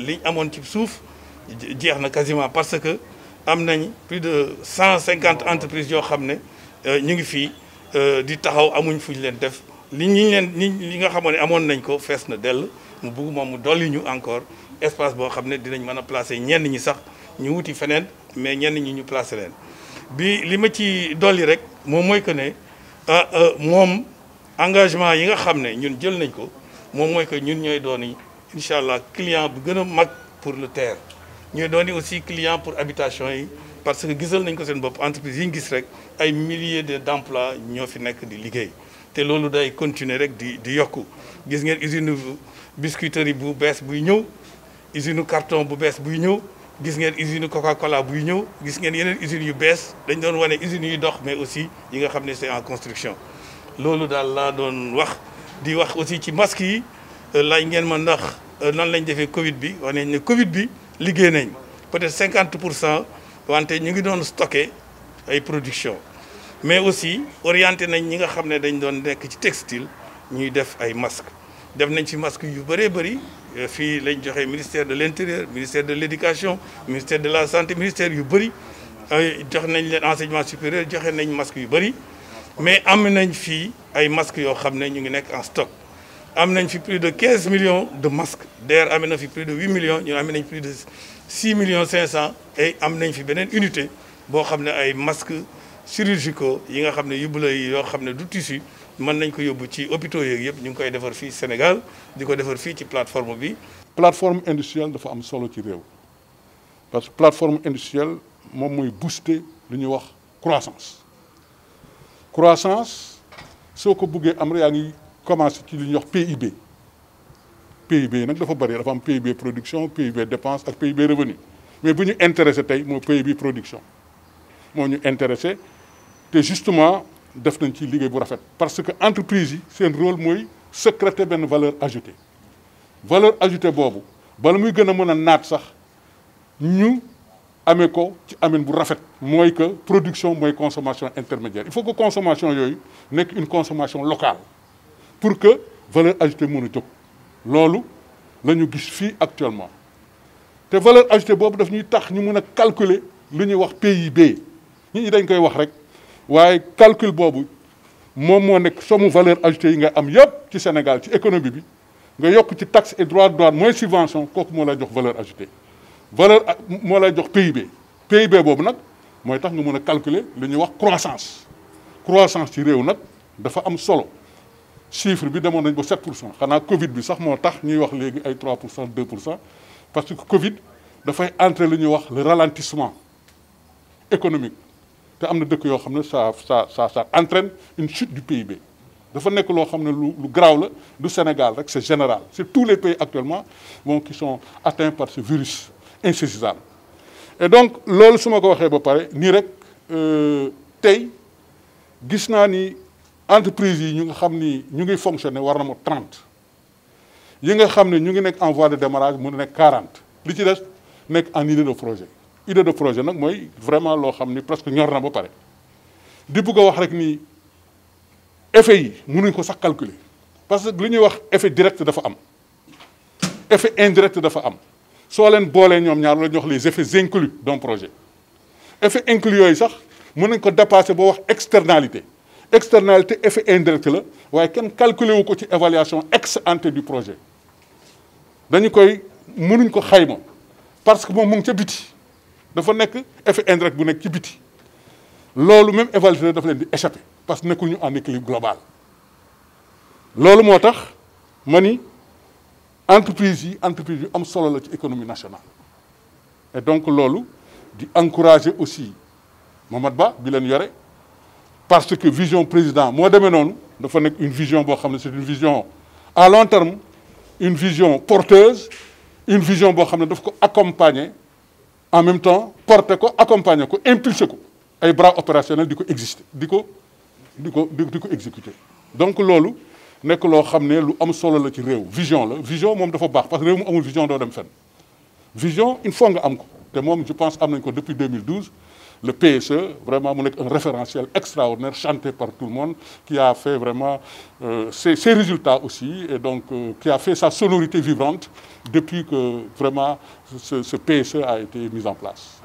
liñ amoon ci suuf na quasiment parce que amnañ plus de 150 entreprises yo xamné euh, ñu ngi fi euh, di taxaw amuñ fu leen def li ñu leen li nga xamone ne nañ ko fess na del mu bugg mom mu ñu encore espace bo xamné dinañ mëna placer ñenn ñi sax ñu wuti fenen mais ñenn ñi ñu placer leen. bi li ma ci doli rek mom moy que ne ah, euh, mom engagement yi nga xamné ñun jël nañ ko mom moy que ñun ñoy dooni incha client bu gëna mag pour le terre ñooy doon aussi client pour habitation yi parce que gisal nañ ko seen bopp entreprise yi ñu gis rek ay milliers d' emplois ñoo fi nekk di liggéey té lolu day continuer rek di di yokku gis ngeen usine biscuiterie bu bees bu ñëw usine carton bu bees bu ñëw gis ngeen usine coca cola bu ñëw gis ngeen yeneen usine yu bees dañ doon wone usine yu dox mais aussi yi nga xamné c'est en construction lolu daal la doon wax di wax aussi ci masque yi euh, laaj ngeen ma ndax euh, noonu lañ defee Covid bi wone nañ Covid bi liggé nañ peut-être 50% pour cent ñu ngi doon stocké ay production mais aussi orienté nañ ñi nga xamné dañ doon nekk ci textile ñuy def ay masques def nañ ci masques yu bëree bëri euh, fi lañ joxé ministère de l'intérieur ministère de l'éducation ministère de la santé ministère yu bëri jox nañ leen enseignement supérieur joxé nañ masques yu bëri mais am nañ fi ay masques yo xamné ne ñu ngi nek en stock am fi plus de 15 millions de masques D'ailleurs, amee fi plus de 8 millions Nous amee plus de 6 millions 500 et am une fi unité pour xam des masques chirurgicaux yi nga des ne yóbbu a yoo hôpitaux des yëpp ñu Sénégal di ko sur plateforme La plateforme industrielle dafa am solo ci réew parce que plateforme industrielle moom la booster lu croissance croissance ce que nous am Comment ci li PIB PIB il dafa bëri dafa PIB production PIB dépense PIB revenu mais vous ñu intéressé par le PIB production Vous nous intéressé c'est justement def nañ ci parce que l'entreprise, c'est un rôle de secréter une valeur ajoutée valeur ajoutée pour vous. muy vous a fait. a avons fait ñu amee ko ci que production consommation intermédiaire il faut que la consommation soit une consommation locale pour que valeur ajoutée mën top. jóg l'année qui ñu actuellement te valeur ajoutée boobu daf ñuy tax ñu mën calculer lu wax PIB ni ñi dañ koy wax rek waaye calcul bobu. moom moo nekk somme valeur ajoutée inga nga am yëpp ci Sénégal ci économie bi nga yokk ci taxe et droit de moins mooy subvention kooku moo lay jox valeur ajoutée valeur moo la jox PIB PIB boobu nak. mooy tax nga mën calculer lu wax croissance croissance ci réew nag dafa am solo chiffre bi de nañ 7 pour Covid bi sax moo tax ñuy wax légui ay 3 2 parce que Covid fay entrer li wax le ralentissement économique té dëkk ça ça ça entraîne une chute du PIB Il fa nek lo xamné lu du Sénégal rek c'est général c'est tous les pays actuellement bon qui sont atteints par ce virus insaisissable et donc ce suma je ko waxé ba que euh, ni rek gis entreprise yi ñu nga xam ni ñu ngi fonctionner war na mo 30 yi nga xam ne ñu ngi nekk en voie de démarrage mu nekk 40 li ci des nekk en idée de projet idée de projet nag mooy vraiment loo xam ni presque ñor na ba pare di bëgg a wax rek ni effet yi mënuñ ko sax calculer parce que li ñuy wax effet direct dafa am effet indirect dafa am soo leen boolee ñoom ñaar la jox les effets inclus d'un projet effet inclus yooyu sax mën nañ ko dépasser boo wax externalité externalité effet indirect la ken calculer évaluation ex ante du projet koy ko parce que ngi dafa effet indirect bu même évaluateur parce que en équilibre global lolu motax mani entreprise yi entreprise am économie nationale et donc lolu di encourager aussi Mamad Ba bi parce que vision président moi une vision c'est une vision à long terme une vision porteuse une vision qui doit accompagner en même temps porter accompagner impulser les bras opérationnels qui existent, qui donc c'est que vision la vision parce que vision vision une fois que je pense que depuis 2012 le PSE, vraiment un référentiel extraordinaire, chanté par tout le monde, qui a fait vraiment euh, ses, résultats aussi, et donc euh, qui a fait sa sonorité vivante depuis que vraiment ce PSE e a été mis en place.